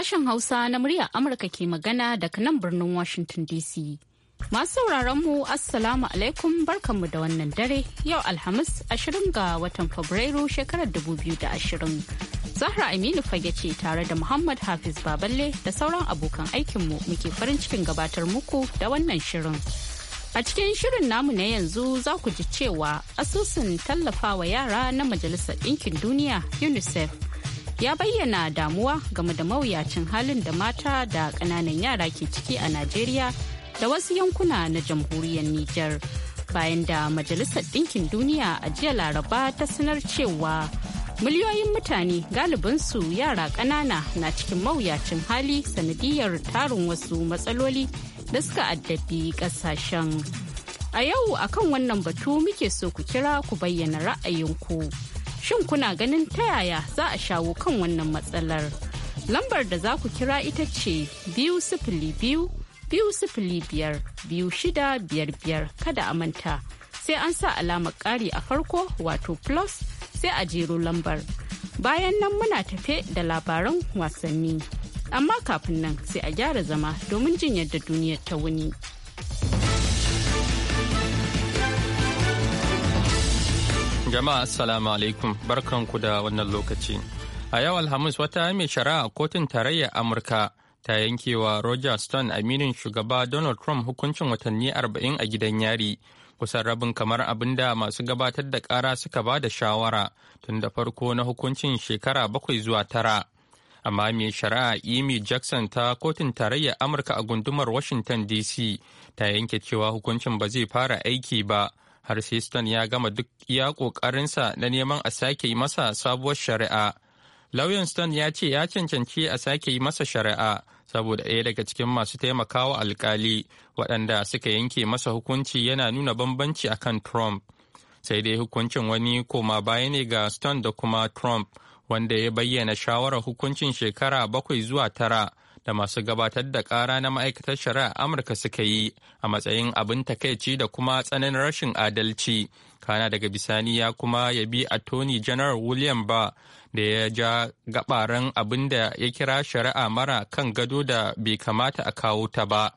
Sashen Hausa na murya Amurka ke magana daga nan birnin Washington DC. Masu sauraron mu Assalamu alaikum barkanmu da wannan dare yau Alhamis 20 ga watan Fabrairu shekarar 2020. Zahra Aminu fage ce tare da Muhammad Hafiz Baballe da sauran abokan aikinmu muke farin cikin gabatar muku da wannan shirin. A cikin shirin namu na yanzu za ku ji cewa asusun tallafawa yara na Majalisar Ɗinkin Duniya UNICEF ya bayyana damuwa game da mawuyacin halin da mata da ƙananan yara ke ciki a Najeriya da wasu yankuna na jamhuriyar Nijar. Bayan da Majalisar Ɗinkin Duniya a jiya Laraba ta sanar cewa miliyoyin mutane galibinsu yara ƙanana na cikin mawuyacin hali sanadiyar tarin wasu matsaloli da suka addabi ƙasashen. A yau akan wannan batu muke so ku kira ku bayyana ra'ayinku. Shin kuna ganin ta yaya za a shawo kan wannan matsalar? Lambar da za ku kira ita ce biyu sifili biyu biyu sifili biyar biyu shida biyar biyar kada a manta sai an sa alamar ƙari a farko wato plus sai a jero lambar. Bayan nan muna tafe da labaran wasanni. Amma kafin nan sai a gyara zama domin jin yadda duniyar ta wuni. Jama'a Assalamu alaikum ku da wannan lokaci. A yau Alhamis wata mai shari'a kotun tarayyar Amurka ta yankewa Roger Stone aminin shugaba Donald Trump hukuncin watanni arba'in a gidan yari. Kusan rabin kamar abin da masu gabatar da kara suka ba da shawara tun da farko na hukuncin shekara bakwai zuwa tara. amma mai shari'a Amy jackson ta kotun tarayyar amurka a gundumar washington dc ta yanke cewa hukuncin ba zai fara aiki ba Harsiston ya gama duk iya ƙoƙarinsa na neman a sake yi masa sabuwar shari'a. Lauyan Stone ya ce ya cancanci a sake yi masa shari'a saboda ɗaya daga cikin masu taimakawa alkali waɗanda suka yanke masa hukunci yana nuna bambanci akan Trump. Sai dai hukuncin wani koma baya ne ga Stone da kuma Trump wanda ya bayyana shawarar hukuncin shekara bakwai zuwa tara da masu gabatar da kara na ma'aikatar shari'a amurka suka yi a matsayin abin takaici da kuma tsananin rashin adalci kana daga bisani ya kuma yabi attorney general william ba da ya ja gabaran abin da ya kira shari'a mara kan gado da bai kamata a kawo ta ba.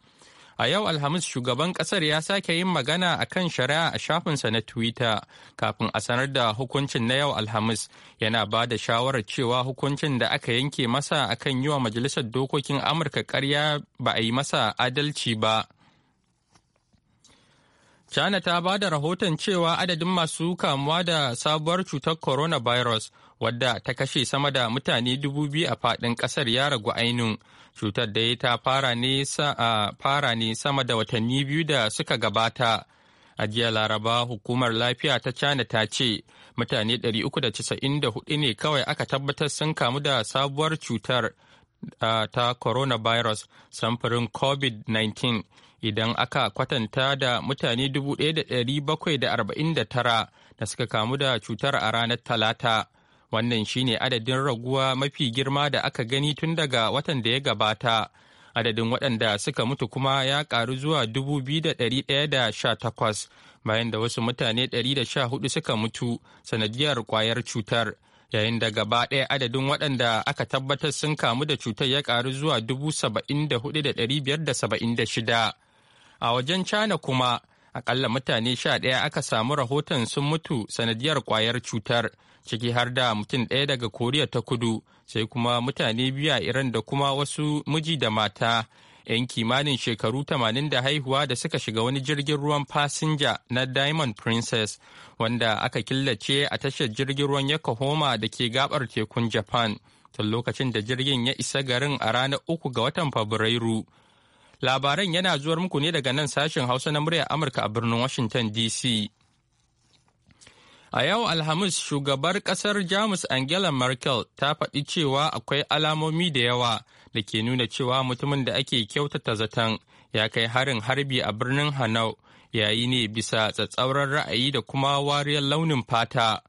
A yau Alhamis shugaban kasar ya sake yin magana a kan shari'a a shafinsa na Twitter kafin a sanar da hukuncin na yau Alhamis yana ba da shawarar cewa hukuncin da aka yanke masa a kan yi wa Majalisar Dokokin Amurka karya ba a yi masa adalci ba. China ta ba da rahoton cewa adadin masu kamuwa da sabuwar cutar coronavirus wadda ta kashe sama da mutane dubu biyu a faɗin ƙasar ya ragu ainun cutar da ta fara ne sama da watanni biyu da suka gabata a jiya laraba hukumar lafiya ta china ta ce mutane 394 ne kawai aka tabbatar sun kamu da sabuwar cutar ta coronavirus samfurin covid-19 idan aka kwatanta da mutane 1749 da suka kamu da cutar a ranar talata Wannan shine adadin raguwa mafi girma da aka gani tun daga watan da ya gabata. Adadin waɗanda suka mutu kuma ya ƙaru zuwa 2,118 bayan da wasu mutane 114 suka mutu sanadiyar kwayar cutar. Yayin da gaba ɗaya adadin waɗanda aka tabbatar sun kamu da cutar ya ƙaru zuwa 74,576. A wajen China kuma Akalla mutane sha ɗaya aka samu rahoton sun mutu sanadiyar kwayar cutar, ciki har da mutum ɗaya daga Koriya ta kudu, sai kuma mutane biyu Iran da kuma wasu miji da mata. 'Yan kimanin shekaru 80 da haihuwa da suka shiga wani jirgin ruwan fasinja na Diamond Princess, wanda aka killace a tashar jirgin ruwan Yokohama da ke gabar tekun Japan. tun lokacin da jirgin ya isa garin a ranar uku ga watan Fabrairu Labaran yana zuwar muku ne daga nan sashen Hausa na muryar Amurka a birnin Washington DC. A yau Alhamis shugabar kasar Jamus Angela Merkel ta faɗi cewa akwai alamomi da yawa da ke nuna cewa mutumin da ake kyautata zaton ya kai harin harbi a birnin Hanau yayi ne bisa tsatsauran ra'ayi da kuma wariyar launin fata.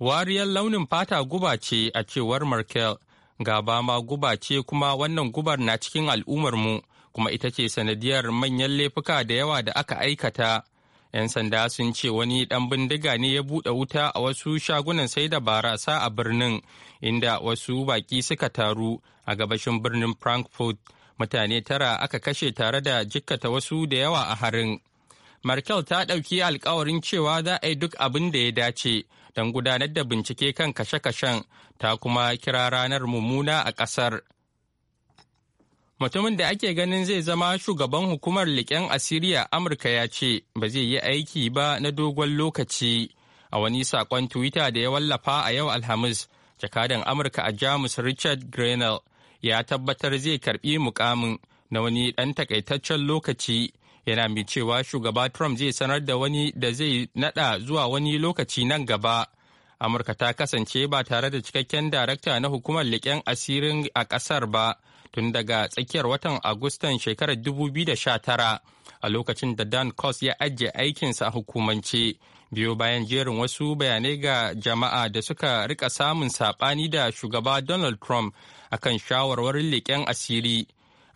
Wariyar launin fata guba ce a cewar Merkel, gaba ma guba ce kuma wannan gubar na cikin mu. kuma ita ce sanadiyar manyan laifuka da yawa da aka aikata. 'Yan sanda sun ce wani ɗan bindiga ne ya buɗe wuta a wasu shagunan sai da barasa a birnin, inda wasu baƙi suka taru a gabashin birnin Frankfurt. Mutane tara aka kashe tare da jikkata wasu da yawa a harin. Merkel ta ɗauki alkawarin cewa za a yi duk abin da ya dace don gudanar da bincike kan kashe-kashen ta kuma kira ranar mummuna a ƙasar. mutumin da ake ganin zai zama shugaban hukumar asiri asiriya amurka ya ce ba zai yi aiki ba na dogon lokaci a wani saƙon twitter da ya wallafa a yau alhamis jakadan amurka a jamus richard grenell ya tabbatar zai karɓi mukamin na wani ɗan takaitaccen lokaci yana mai cewa shugaba trump zai sanar da wani da zai naɗa zuwa wani lokaci nan gaba amurka ta kasance ba tare da cikakken darakta na hukumar liƙen asirin a ƙasar ba tun daga tsakiyar watan Agustan shekarar 2019 a lokacin da Dan Cos ya ajiye aikinsa a hukumance. Biyo bayan jerin wasu bayanai ga jama'a da suka rika samun saɓani da shugaba Donald Trump akan shawarwarin leƙen asiri.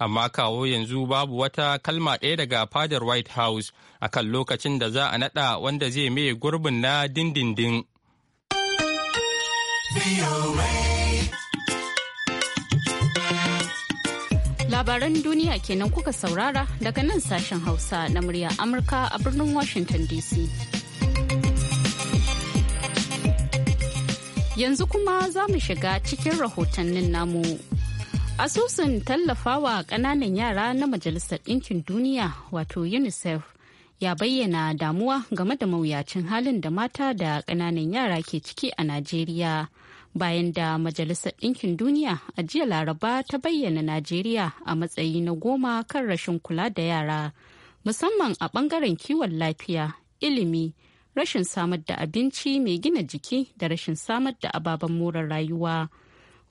amma kawo yanzu babu wata kalma ɗaya daga fadar white house akan lokacin da za a naɗa wanda zai maye gurbin na dindindin. labaran duniya kenan kuka saurara daga nan sashen hausa na murya amurka a birnin washington dc yanzu kuma za mu shiga cikin rahotannin namu asusun tallafawa kananan yara na majalisar ɗinkin duniya wato unicef ya bayyana damuwa game da mawuyacin halin da mata da kananan yara ke ciki a najeriya bayan da Majalisar Ɗinkin Duniya a jiya Laraba ta bayyana Najeriya a matsayi na goma kan rashin kula da yara, musamman a ɓangaren kiwon lafiya, ilimi, rashin samar da abinci mai gina jiki da rashin samar da ababen more rayuwa.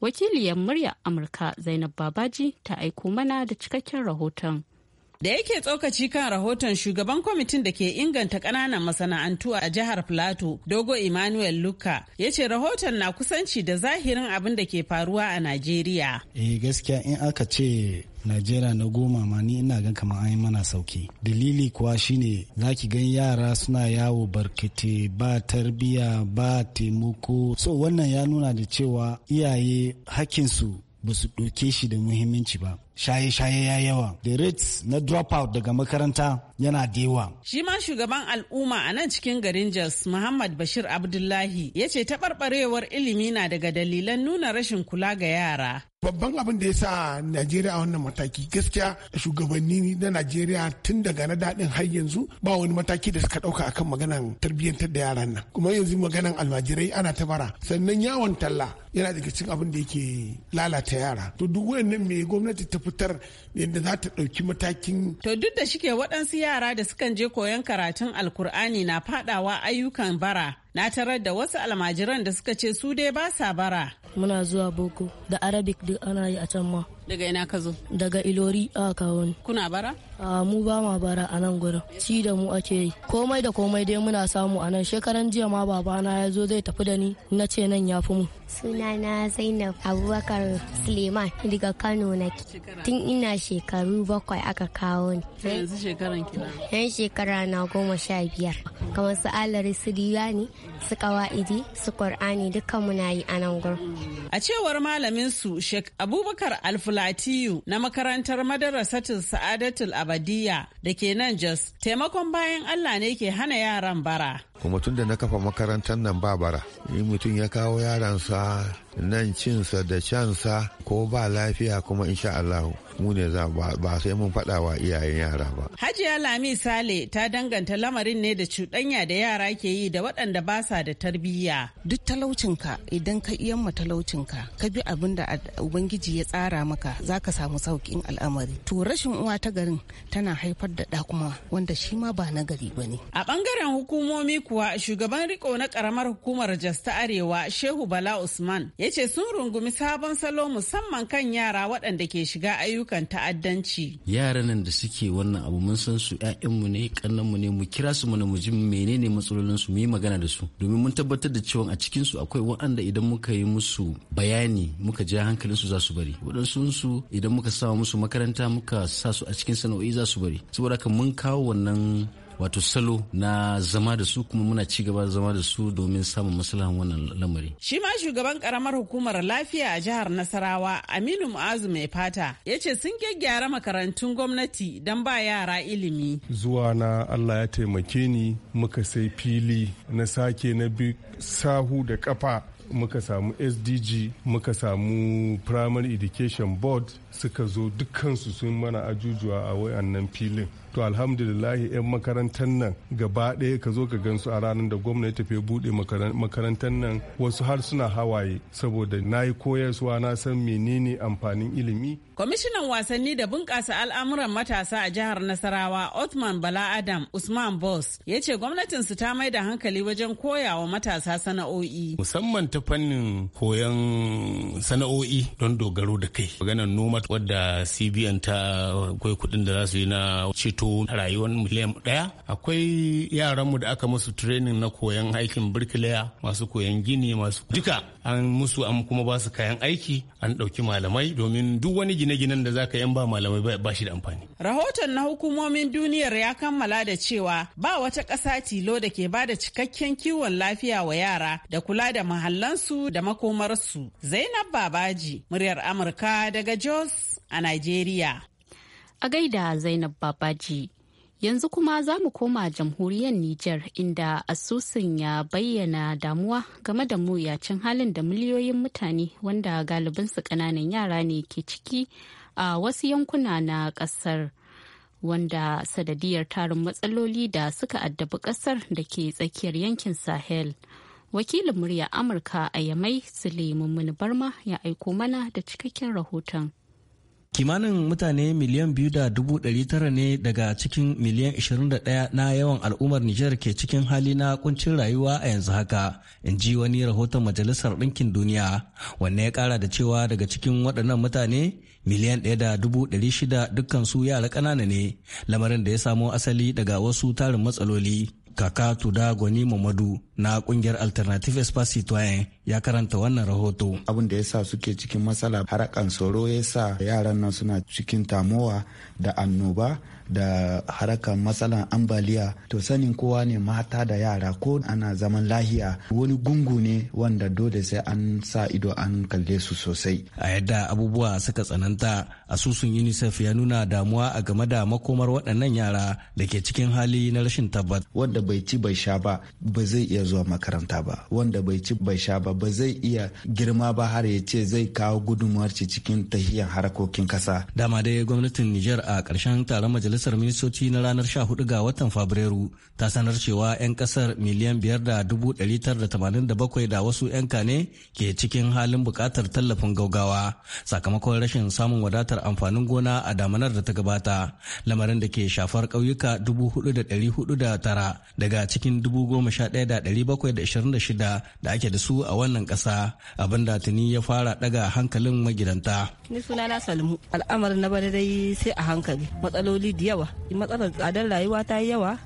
Wakiliyar murya Amurka Zainab Babaji ta aiko mana da cikakken rahoton. Da yake tsokaci kan rahoton shugaban kwamitin da ke inganta ƙananan masana'antu a jihar Plateau, Dogo Emmanuel Luka, ya ce rahoton na kusanci da zahirin abin da ke faruwa a Najeriya. Eh gaskiya in aka ce Najeriya na goma ma ni ina gan kamar an mana sauki. Dalili kuwa shine zaki ki gan yara suna yawo barkete ba tarbiya ba taimako. So wannan ya nuna da cewa iyaye hakkinsu ba su ɗauke shi da muhimmanci ba. shaye-shaye ya yawa Da rates na dropout daga makaranta yana da yawa shi ma shugaban al'umma a nan cikin garin jos muhammad bashir abdullahi ya ce taɓarɓarewar ilimi na daga dalilan nuna rashin kula ga yara babban abin da ya sa najeriya a wannan mataki gaskiya shugabanni na najeriya tun daga na daɗin har yanzu ba wani mataki da suka ɗauka akan maganan tarbiyyantar da yaran nan kuma yanzu maganan almajirai ana ta bara sannan yawon talla yana daga cikin abin da yake lalata yara to duk wayannan me gwamnati ta fitar yadda za ta ɗauki matakin to duk da shike waɗansu yara da sukan je koyon karatun alkur'ani na faɗawa ayyukan bara na tarar da wasu almajiran da suka ce su dai ba sa bara muna zuwa boko da arabic duk ana yi a can ma Daga ina ka zo? Daga Ilori a kawo Kuna bara? A mu ba ma bara a nan gurin. Ci da mu ake yi. Komai da komai dai muna samu a nan. Shekaran jiya ma babana ya zo zai tafi da ni na ce nan ya fi mu. suna na Zainab Abubakar Suleiman daga Kano na Tun ina shekaru bakwai aka kawo ni. Yanzu shekaran kina? Yan shekara na goma sha biyar. Kamar su Alari Siriya ne, su kawa'idi su qur'ani dukkan muna yi a nan gurin a cewar malamin su Sheikh Abubakar Alfulatiyu na makarantar Madarasatul Sa'adatul Abadiya da ke nan Jos taimakon bayan Allah ne ke hana yaran bara kuma tun da na kafa makarantar nan ba bara mutum ya kawo yaransa nan cinsa da sa ko ba lafiya kuma insha Allah mu ne za ba sai mun faɗa wa iyayen yara ba. Hajiya Lami Sale ta danganta lamarin ne da cuɗanya da yara ke yi da waɗanda ba sa da tarbiyya. Duk talaucinka idan ka iyan talaucinka ka bi abin da Ubangiji ya tsara maka za ka samu sauƙin al'amari. To rashin uwa ta garin tana haifar da ɗakuma wanda shi ma ba na gari ba ne. A bangaren hukumomi kuwa shugaban riko na ƙaramar hukumar Jasta Arewa Shehu Bala Usman ya ce sun rungumi sabon salo musamman kan yara waɗanda ke shiga ayyukan ta'addanci. Yaran nan da suke wannan abu mun san su mu ne mu ne mu kira su mana mu ji menene matsalolin su mu yi magana da su domin mun tabbatar da cewa a cikin su akwai waɗanda idan muka yi musu bayani muka ja hankalin su za su bari waɗansu su idan muka sa musu makaranta muka sa su a cikin sana'o'i za su bari saboda haka mun kawo wannan wato salo na zama da su kuma muna ci gaba zama da su domin samun maslahan wannan lamari. Shi ma shugaban karamar hukumar lafiya a jihar Nasarawa Aminu Mu'azu mai fata ya ce sun gyaggyara makarantun gwamnati don ba yara ilimi. Zuwa na Allah ya taimake ni muka sai fili na sake na bi sahu da kafa muka samu sdg muka samu primary education board suka zo dukkansu sun mana ajujuwa a wayannan filin to alhamdulillahi 'yan makarantar nan gaba ɗaya ka zo ka gansu a ranar da gwamnati tafi buɗe makarantar nan wasu har suna hawaye saboda na yi koyarwa na san menene amfanin ilimi Kwamishinan wasanni da bunƙasa al'amuran matasa a jihar Nasarawa, Othman Bala Adam Usman Boss, ya ce gwamnatinsu ta mai da hankali wajen koya wa matasa sana'o'i. Musamman ta fannin koyon sana'o'i don dogaro da kai. Maganar noma wadda CBN ta akwai kuɗin da za su yi na ceto rayuwar miliyan ɗaya. Akwai yaranmu da aka musu training na koyon aikin birkilaya, masu koyon gini, masu duka an musu an kuma ba su kayan aiki, an ɗauki malamai domin duk wani gini. gine-ginen da za ka yan ba malamai ba shi da amfani. Rahoton na hukumomin duniyar ya kammala da cewa ba wata ƙasa tilo da ke ba da cikakken kiwon lafiya wa yara da kula da mahallansu da makomarsu. Zainab Babaji, muryar Amurka daga Jos a Najeriya. A gaida Zainab Babaji. Yanzu kuma za mu koma jamhuriyar Nijar inda asusun ya bayyana damuwa game da muyacin halin da miliyoyin mutane wanda galibinsu ƙananan yara ne ke ciki a wasu yankuna na ƙasar. Wanda sadadiyar tarin matsaloli da suka addabi ƙasar da ke tsakiyar yankin Sahel. Wakilin murya Amurka a Yamai Suleiman Barma ya aiko mana da cikakken rahoton. Kimanin mutane miliyan biyu da dubu ɗari tara ne daga cikin miliyan ishirin ɗaya na yawan al'ummar Nijar ke cikin hali na kuncin rayuwa a yanzu haka, in ji wani rahoton Majalisar Ɗinkin Duniya, wanne ya ƙara da cewa daga cikin waɗannan mutane miliyan ɗaya da dubu ɗari shida dukkansu yara ƙanana ne, lamarin da ya samo asali daga wasu tarin matsaloli. Kaka Tuda Gwani Mamadu na ƙungiyar Alternative espacito ya karanta wannan rahoto. Abin da ya sa suke cikin matsala harakan tsoro ya sa yaran nan suna cikin tamowa da annoba da harakan matsalan ambaliya to sanin kowa ne mata da yara ko ana zaman lahiya wani gungu ne wanda dole sai an sa ido an kalle su sosai. A yadda abubuwa suka tsananta asusun UNICEF ya nuna damuwa a game da makomar waɗannan yara da ke cikin hali na rashin tabbat. Wanda bai ci bai sha ba ba zai iya zuwa makaranta ba wanda bai ci bai sha ba ba ba zai iya girma ba har ya ce zai kawo gudunmuwar ci cikin tahiyar harkokin kasa. Dama dai gwamnatin Nijar a ƙarshen taron majalisar ministoci na ranar 14 ga watan Fabrairu ta sanar cewa 'yan ƙasar miliyan 5 da da wasu 'yan kane ke cikin halin buƙatar tallafin gaugawa sakamakon rashin samun wadatar amfanin gona a damanar da ta gabata lamarin da ke shafar ƙauyuka tara daga cikin 11,726 da ake da su a wannan ƙasa abinda tuni ya fara daga hankalin magidanta. Ni suna na Salmu al'amarin na bada dai sai a hankali matsaloli da yawa matsalar tsadar rayuwa ta yi yawa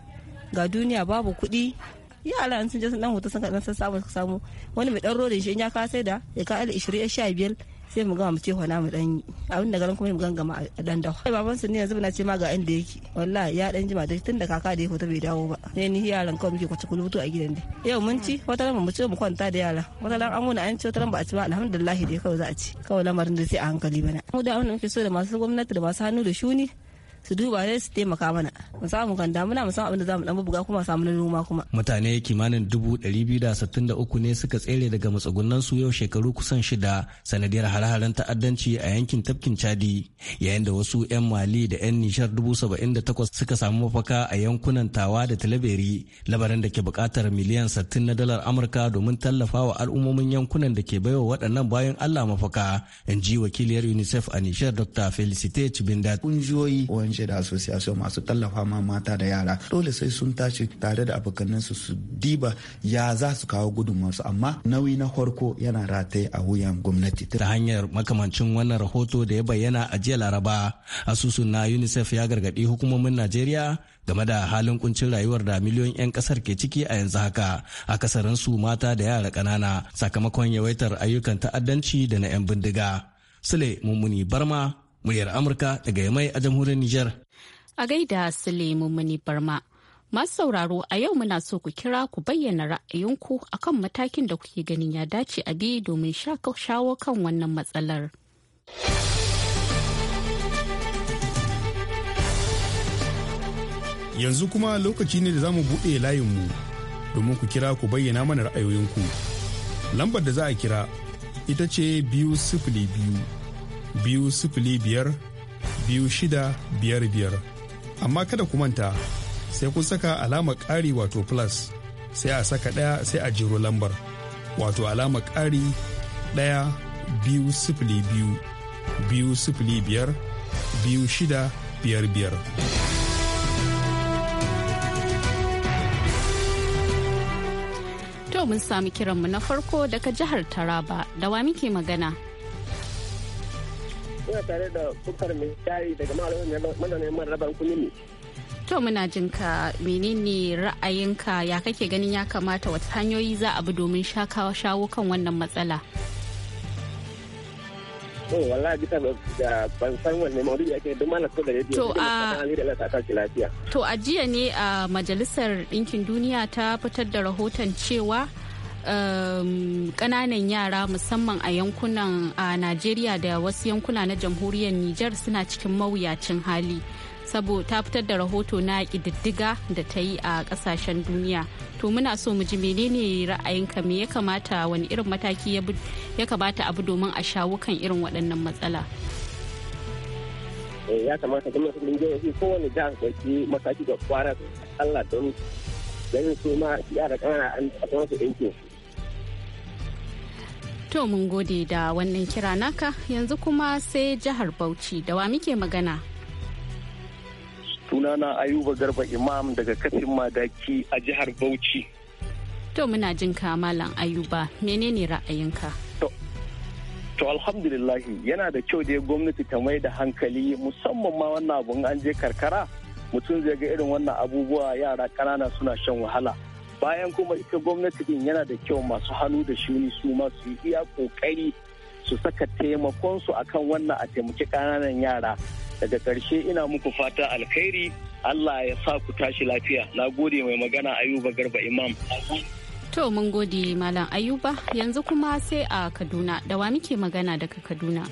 ga duniya babu kuɗi yara sun je sun dan hoto sun kaɗan sun samu wani mai ɗan rodin shi in ya ka sai da ya ka ishirin ya sha biyar sai mu gama mu ce hana mu dan abin da garin kuma mu gangama a dan sai baban su ne yanzu muna ce ma ga inda yake wallahi ya dan jima da tun da kaka da yake ta bai dawo ba ne ni yaran kawai muke kwace kulutu a gidan dai yau mun ci wata ran mu ce mu kwanta da yara wata ran an wuna an ci wata ran ba a ci ba alhamdulillah dai kawai za a ci kawai lamarin da sai a hankali bana mu da abin da muke so da masu gwamnati da masu hannu da shuni su duba ne su taimaka mana mu samu kan damuna mu samu abin da zamu dan buga kuma samu na noma kuma mutane kimanin dubu ne suka tsere daga matsugunan su yau shekaru kusan shida sanadiyar hare ta'addanci a yankin tafkin chadi yayin da wasu 'yan mali da 'yan nishar dubu saba'in da takwas suka samu mafaka a yankunan tawa da talaberi labarin da ke bukatar miliyan sittin na dalar amurka domin tallafa wa al'ummomin yankunan da ke baiwa waɗannan bayan allah mafaka in ji wakiliyar unicef a nishar dr felicite chibindat kungiyoyi kasance da association masu tallafa ma mata da yara dole sai sun tashi tare da abokanansu su diba ya za su kawo gudunmawarsu amma nauyi na farko yana rataye a wuyan gwamnati ta hanyar makamancin wannan rahoto da ya bayyana a jiya laraba asusun na unicef ya gargaɗi hukumomin najeriya game da halin kuncin rayuwar da miliyoyin 'yan kasar ke ciki a yanzu haka akasarin su mata da yara kanana sakamakon yawaitar ayyukan ta'addanci da na 'yan bindiga sule mummuni barma muryar Amurka daga Yamai a jamhuriyar Nijar. A gaida sulemu Muni Barma. Masu sauraro a yau muna so ku kira ku bayyana ra'ayinku akan matakin da kuke ganin ya dace a bi domin shawo kan wannan matsalar. Yanzu kuma lokaci ne da za mu buɗe layinmu domin ku kira ku bayyana mana ra'ayoyinku. Lambar da za a kira ita ce biyu sifili biyu biyu sifili biyar biyu shida biyar biyar amma kada ku manta sai kun saka alama ƙari wato plus sai a saka ɗaya sai a jiro lambar wato alama ƙari ɗaya biyu sifili biyu biyu sifili biyar biyu shida biyar biyar. To mun sami kiranmu na farko daga jihar Taraba da wa muke magana? ina tare da sukar mai yayi daga malamin marabar ne. to muna jin ka menene ra'ayinka ya kake ganin ya kamata wata hanyoyi za a bi domin shakawa shawo kan wannan matsala to wallahi bisa ga ban san wanne maudu'i ake duk mana ko da yake to a to a jiya ne a majalisar ɗinkin duniya ta fitar da rahoton cewa kananan um, yara musamman a yankunan a najeriya da wasu yankuna na jamhuriyar niger suna cikin mawuyacin hali saboda ta fitar da rahoto na ƙididdiga da ta yi a ƙasashen duniya to muna so mu ji menene ra'ayinka me ya kamata wani irin mataki ya kamata abu domin a shawo kan irin waɗannan matsala eh, ya kamata gwamnati mun je yanzu kowane jihar ɗauki mataki da kwara Allah don ganin su ma yara kana an taɓa su ɗinkin To mun gode da wannan kira naka yanzu kuma sai jihar Bauchi da wa muke magana. Sunana Ayuba Garba Imam daga Katin Madaki a jihar Bauchi. To muna jin ka Malam Ayuba menene ra'ayinka? To alhamdulillahi yana da kyau dai gwamnati ta mai da hankali musamman ma wannan abun an je karkara mutum zai ga irin wannan abubuwa yara kanana suna shan wahala. bayan kuma ita gwamnati din yana da kyau masu hannu da shuni su ma yi iya kokari su saka taimakon su akan wannan a taimaki kananan yara daga ƙarshe ina muku fata alkhairi Allah ya sa ku tashi lafiya na gode mai magana ayuba garba imam to mun gode malam ayuba yanzu kuma sai a kaduna da wa muke magana daga kaduna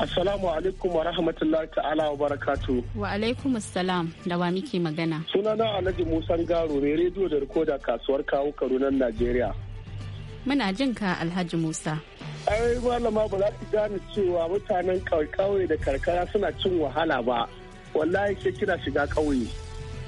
Assalamu alaikum wa rahmatullahi ta'ala wa barakatu. Wa alaikum assalam da wa muke magana. Sunana Alhaji Musa Garo ne rediyo da rikoda kasuwar kawo nan Najeriya. Muna jin ka Alhaji Musa. Ai malama ba za ki gane cewa mutanen kauye da karkara suna cin wahala ba. Wallahi sai kina shiga kauye.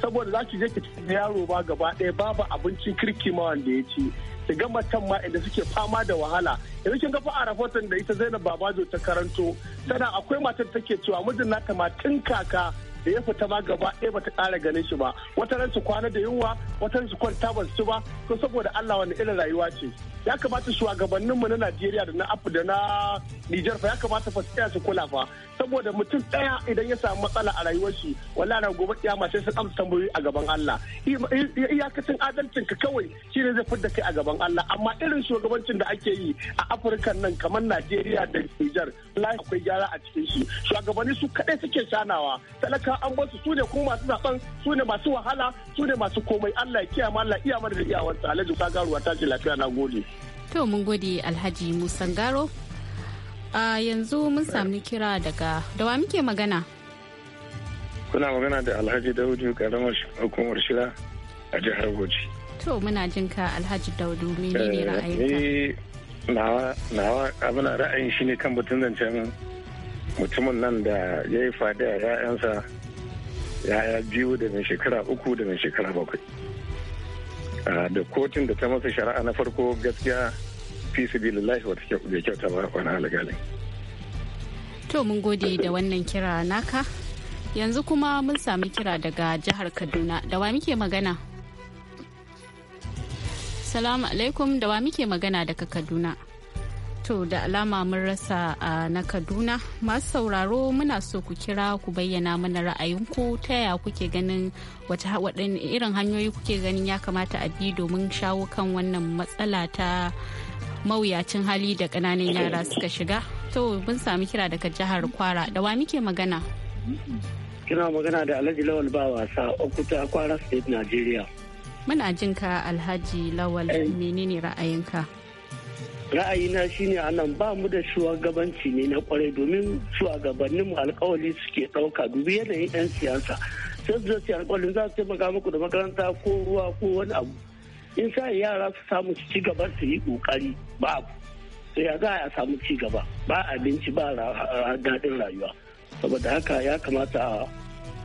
Saboda za ki je ki ci yaro ba gaba ɗaya babu abincin kirki ma wanda ya ci. Ki ga matan ma inda suke fama da wahala yanzu kin ga fa a rahoton da ita Zainab Babajo ta karanto tana akwai matar take cewa mijin nata ma tun kaka da ya fita ma gaba ɗaya bata ƙara ganin shi ba wata ran su kwana da yunwa wata ran su kwanta ba su ba ko saboda Allah wani irin rayuwa ce ya kamata shugabanninmu na Najeriya da na Afu da na Nijar fa ya kamata fa tsaya su kula fa saboda mutum daya idan ya samu matsala a rayuwar shi wallahi na gobe kiyama sai su amsa tambayoyi a gaban Allah iyakacin adalcin ka kawai shine zai fidda kai a gaban Allah amma irin shugabancin da ake yi a Afirka nan kamar Najeriya da Nijar wallahi akwai gyara a cikin shi shugabanni su kadai suke sanawa talaka an bar su su ne kuma masu zaben su ne masu wahala su ne masu komai Allah ya kiyama Allah iya da iyawarsa Alhaji garuwa ta ce lafiya na gode. To mun gode Alhaji musangaro Garo. A yanzu mun sami kira daga dawa muke magana. Kuna magana da Alhaji Daudu karamar hukumar shira a jihar Bauchi. To muna jin ka Alhaji Daudu menene eh, ra'ayinka? nawa nawa abin ra'ayin shi ne kan batun zancen mutumin nan da ya yi fada a 'ya'yansa ya biyu da mai shekara uku da mai shekara bakwai. da kotun da ta masa shari'a na farko gaskiya fi su lillahi wata kyauta ba wani To mun gode da wannan kira naka. Yanzu kuma mun sami kira daga jihar Kaduna. Da wa muke magana? Salamu alaikum da wa muke magana daga Kaduna? To da alama mun rasa a na Kaduna masu sauraro muna so ku kira ku bayyana mana ra'ayinku ta yaya kuke ganin wata irin hanyoyi kuke ganin ya kamata a bi domin shawo kan wannan matsala ta mawuyacin hali da ƙananan yara suka shiga. To mun sami kira daga jihar Kwara da wa muke magana? Kina magana da Alhaji Lawal ba wasa Okuta Kwara State Nigeria. Muna jinka Alhaji Lawal eh. menene ra'ayinka? ra'ayina shine anan ba mu da shugabanci ne na kwarai domin shugabanninmu alkawali suke ɗauka dubi yanayin 'yan siyasa sai su zai alkawalin za su taimaka muku da makaranta ko ruwa ko wani abu in sa yara su samu ci gaba su yi kokari ba abu sai ya za a samu ci gaba ba abinci ba daɗin rayuwa saboda haka ya kamata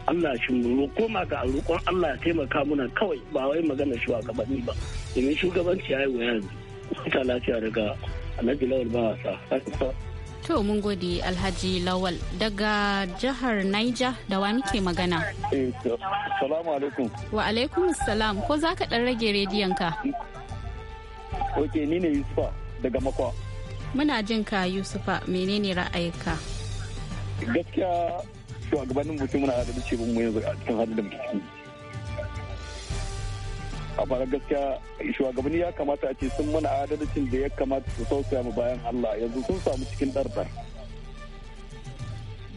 Allah shi mu koma ga roƙon Allah ya taimaka muna kawai ba wai magana shugabanni ba domin shugabanci ya yi wa yanzu ta lafiya daga alhaji lawal ba wasa to mun gode alhaji lawal daga jihar niger da wa muke magana eh, salamu alaikum wa alaikum salam ko za ka dan rage rediyon ka ok ni ne yusufa daga makwa muna jin ka yusufa menene ra'ayinka gaskiya shugabannin mutum muna da mu yanzu a cikin halin da muke ciki a fara gaskiya shugabanni ya kamata a ce sun mana adalcin da ya kamata su sauka mu bayan Allah yanzu sun samu cikin ɗarɗar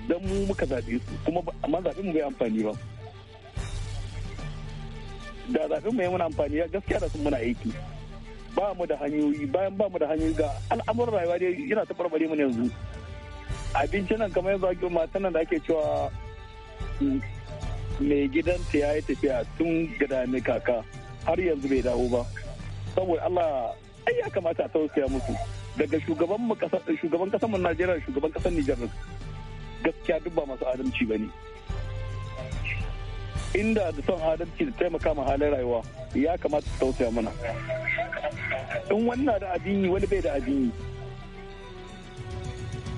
dan mu muka zaɓe su kuma amma zaɓe mu bai amfani ba da zaɓe mu ya muna amfani ya gaskiya da sun muna aiki ba mu da hanyoyi bayan ba mu da hanyoyi ga al'amuran rayuwa dai yana ta barbare mu yanzu abincin nan kamar yanzu ake matan nan da ake cewa mm, mai gidanta ya yi tafiya tun gada mai kaka har yanzu bai dawo ba saboda Allah ai ya kamata a tausaya musu daga shugaban mu kasar shugaban kasar mu Najeriya shugaban kasar Nijar gaskiya duk ba masu adalci bane inda da son adalci da taimaka ma halin rayuwa ya kamata su tausaya mana in wannan da yi wani bai da yi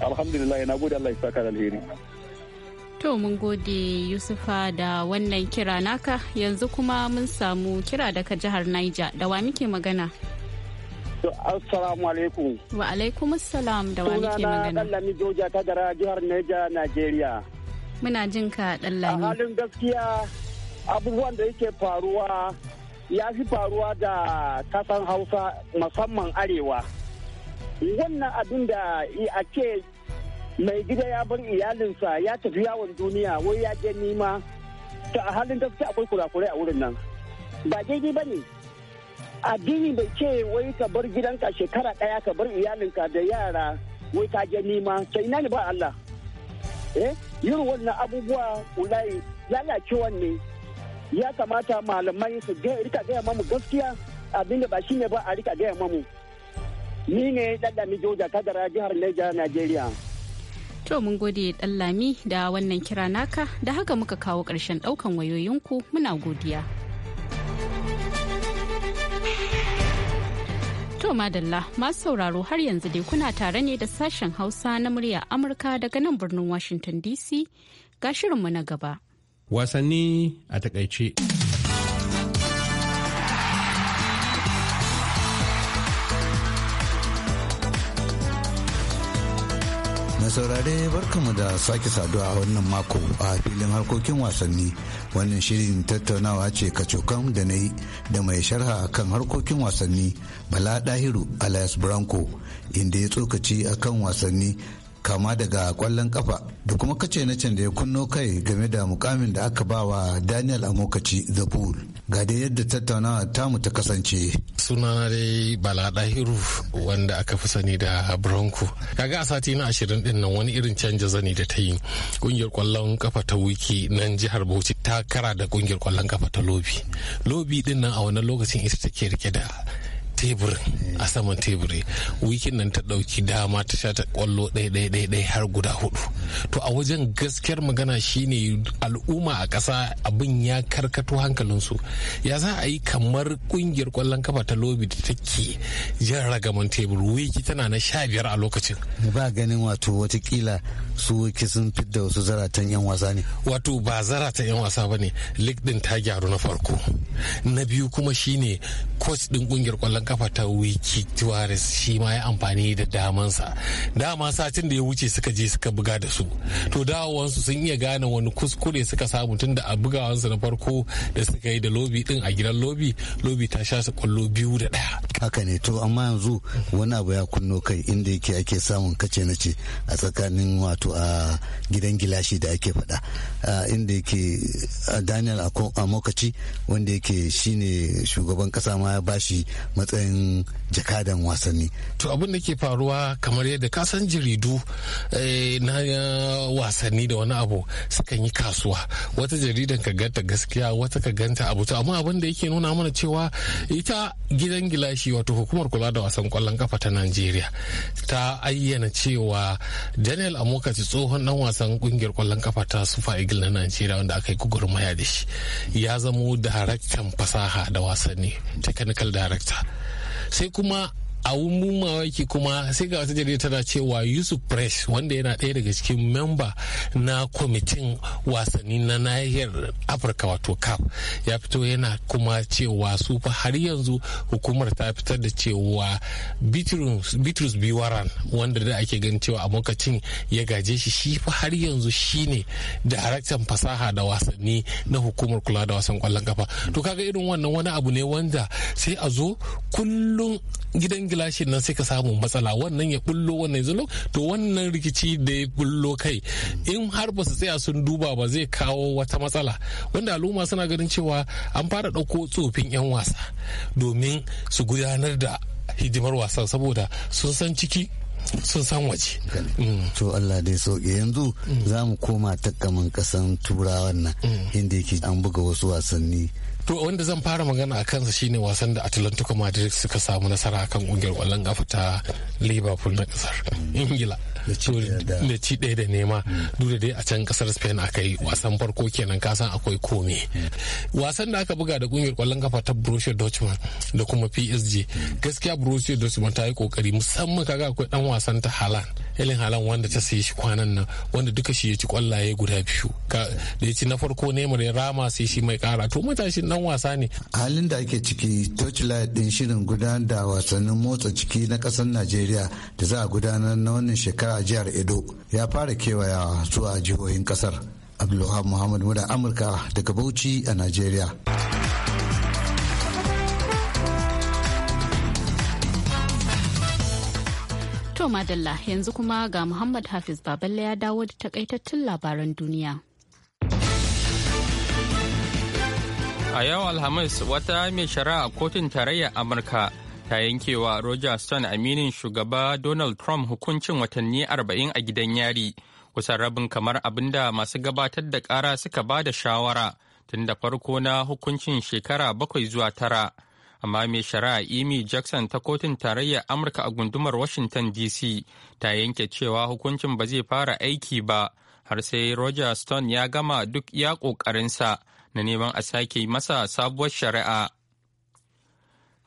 alhamdulillah na gode Allah ya saka da alheri To mun gode Yusufa da wannan kira naka yanzu kuma mun samu kira daga jihar Niger da wa muke magana. Assalamu alaikum. Wa alaikum assalam da wa muke magana. Sunana Dallami Joja ta gara jihar Niger Nigeria. Muna jin ka Dallami. A halin gaskiya abubuwan da yake faruwa ya fi faruwa da kasan Hausa musamman Arewa. Wannan abin da a ce mai gida ya bar iyalinsa ya tafi yawon duniya wai ya je nima to a halin gaskiya akwai kurakurai a wurin nan ba daidai ba ne addini bai ce wai ka bar gidanka shekara ɗaya ka bar iyalinka da yara wai ka je nima ta ina ne ba Allah eh yin wannan abubuwa ulai lalacewan ne ya kamata malamai su ga rika gaya mamu gaskiya abinda ba shine ba a rika gaya mamu ni ne ɗanɗani joja kadara jihar Niger nigeria. To mun gode dan da wannan kira naka da haka muka kawo ƙarshen ɗaukan wayoyinku muna godiya. To madalla masu sauraro har yanzu dai kuna tare ne da sashen Hausa na murya Amurka daga nan birnin Washington DC ga shirinmu na gaba. Wasanni a takaice. mai saurare barkamu da sake saduwa a wannan mako a filin harkokin wasanni wannan shirin tattaunawa ce kacokan da na yi da mai sharha kan harkokin wasanni bala dahiru alias branko inda ya tsokaci akan wasanni kama daga kwallon kafa da kuma kace na can da ya kunno kai game da mukamin da aka bawa daniel amokaci the pool ga dai yadda tattaunawa tamu ta kasance sunana dai bala hiru wanda aka fi sani da bronco kaga a sati na ashirin din nan wani irin canja zani da ta yi kungiyar kwallon kafa ta wiki nan jihar bauchi ta kara da kungiyar kwallon kafa ta lobi lobi din nan a wannan lokacin ita take rike da tebur a saman teburi wikin nan ta dauki dama ta sha ta kwallo ɗaya har guda hudu to a wajen gaskiyar magana shine al'umma a ƙasa abin ya karkato hankalinsu ya za a yi kamar kungiyar kwallon kafa ta lobi da take jan ragaman tebur wiki tana na sha biyar a lokacin ba ganin wato watakila su sun fidda wasu zaratan 'yan wasa ne wato ba zaratan 'yan wasa ba ne lig din ta gyaru na farko na biyu kuma shine coach din kungiyar kwallon kafa ta wiki tuwares shi ma ya amfani da damansa dama satin da ya wuce suka je suka buga da su to dawowansu sun iya gane wani kuskure suka samu tun da a bugawansu na farko da suka yi da lobi din a gidan lobi lobi ta sha su kwallo biyu da daya haka ne to amma yanzu wani abu ya kunno kai inda yake ake samun kace na ce a tsakanin wato a gidan gilashi da ake faɗa inda yake daniel amokaci wanda yake shine shugaban kasa ma ya bashi matsayin jakadan wasanni to abin da ke faruwa kamar yadda kasan jaridu eh, na eh, wasanni da wani abu sukan yi kasuwa wata jaridan ka ganta gaskiya wata ka ganta abu to amma abin da yake nuna mana cewa ita gidan gilashi wato hukumar kula da wasan kwallon kafa ta najeriya ta ayyana cewa daniel amokaci lokaci tsohon dan wasan kungiyar kwallon kafa ta Super Eagle na Najeriya wanda aka yi gugurmaya da shi ya zamo daraktan fasaha da wasanni technical director sai kuma a wumbun mawaki kuma sai ga wata jarida tana cewa yusuf press wanda yana ɗaya daga cikin memba na kwamitin wasanni na nahiyar afirka wato cap ya fito yana kuma cewa su fa har yanzu hukumar ta fitar da cewa bitrus biwaran wanda da ake ganin cewa a lokacin ya gaje shi shi fa har yanzu shine daraktan fasaha da wasanni na hukumar kula da wasan kwallon kafa to kaga irin wannan wani abu ne wanda sai a zo kullum gidan gilashin nan sai ka samu matsala wannan ya bullo wannan yanzu to wannan rikici da ya bullo kai in har ba su tsaya sun duba ba zai kawo wata matsala wanda al'umma suna ganin cewa an fara ɗauko tsofin 'yan wasa domin su gudanar da hidimar wasan saboda sun san ciki sun san waje. Mm. To Allah dai sauke yanzu mm. za mu koma takkamin kasan turawan nan mm. inda yake an buga wasu wasanni to wanda zan fara magana a kansa shine wasan da atlantico madrid suka samu nasara kan kungiyar kwallon kafa ta liverpool na kasar ingila da ci ɗaya da nema duk da dai a can kasar spain aka yi wasan farko kenan kasan akwai kome wasan da aka buga da kungiyar kwallon kafa ta borussia dortmund da kuma psg gaskiya borussia dortmund ta yi kokari musamman kaga akwai dan wasan ta halan ilin halan wanda ta sayi shi kwanan nan wanda duka shi ya ci kwallaye guda biyu da ya ci na farko neymar ya rama sai shi mai kara to matashin dan wasa ne halin da ake ciki torchlight ɗin shirin gudanar da wasannin motsa ciki na kasar najeriya da za a gudanar na wannan shekara a jihar edo ya fara kewayawa zuwa jihohin kasar abdulwahab muhammad muda amurka daga bauchi a najeriya To Madalla yanzu kuma ga Muhammad Hafiz Baballe ya dawo da takaitattun labaran duniya. A yau Alhamis wata mai shari'a a kotun tarayya Amurka ta yankewa Roger Stone aminin shugaba Donald Trump hukuncin watanni 40 a gidan yari. Kusan rabin kamar abin da masu gabatar da ƙara suka ba da shawara tun da farko na hukuncin shekara bakwai zuwa tara. Amma mai shari'a Amy Jackson ta kotun tarayya Amurka a gundumar Washington DC ta yanke cewa hukuncin ba zai fara aiki ba har sai Roger Stone ya gama duk ya ƙoƙarinsa. na neman a sake masa sabuwar shari'a.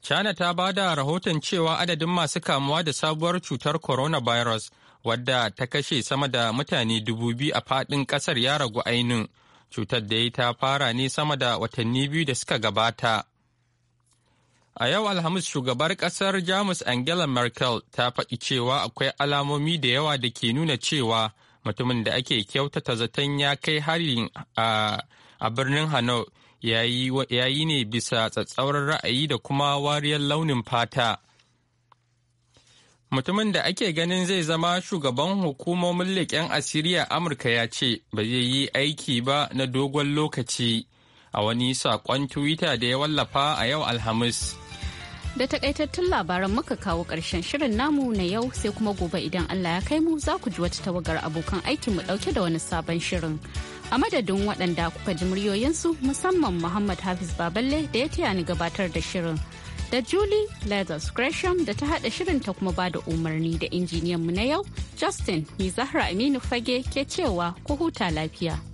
China ta ba da rahoton cewa adadin masu kamuwa da sabuwar cutar coronavirus wadda ta kashe sama da mutane dubu biyu a faɗin ƙasar ya ragu ainin. Cutar da ya ta fara ne sama da watanni biyu da suka gabata. A yau Alhamis shugabar ƙasar Jamus Angela Merkel ta faɗi cewa akwai alamomi da yawa da ke nuna cewa mutumin da ake kyautata zaton ya kai harin a a birnin hanoi ya ne bisa tsatsauran ra'ayi da kuma wariyar launin fata mutumin da ake ganin zai zama shugaban hukumomin leƙen asiriya amurka ya ce ba zai yi aiki ba na dogon lokaci a wani saƙon twitter da ya wallafa a yau alhamis da takaitattun labaran muka kawo ƙarshen shirin namu na yau sai kuma gobe idan Allah ya kai mu za ku ji wata tawagar abokan aikinmu ɗauke da wani sabon shirin. a madadin waɗanda kuka ji muryoyinsu musamman Muhammad Hafiz Baballe da ya taya ni gabatar da shirin. Da Julie Lazarus Gresham da ta haɗa shirin ta kuma ba da umarni da injiniyanmu na yau, Justin, Mizahra Zahra Aminu Fage ke cewa ku huta lafiya.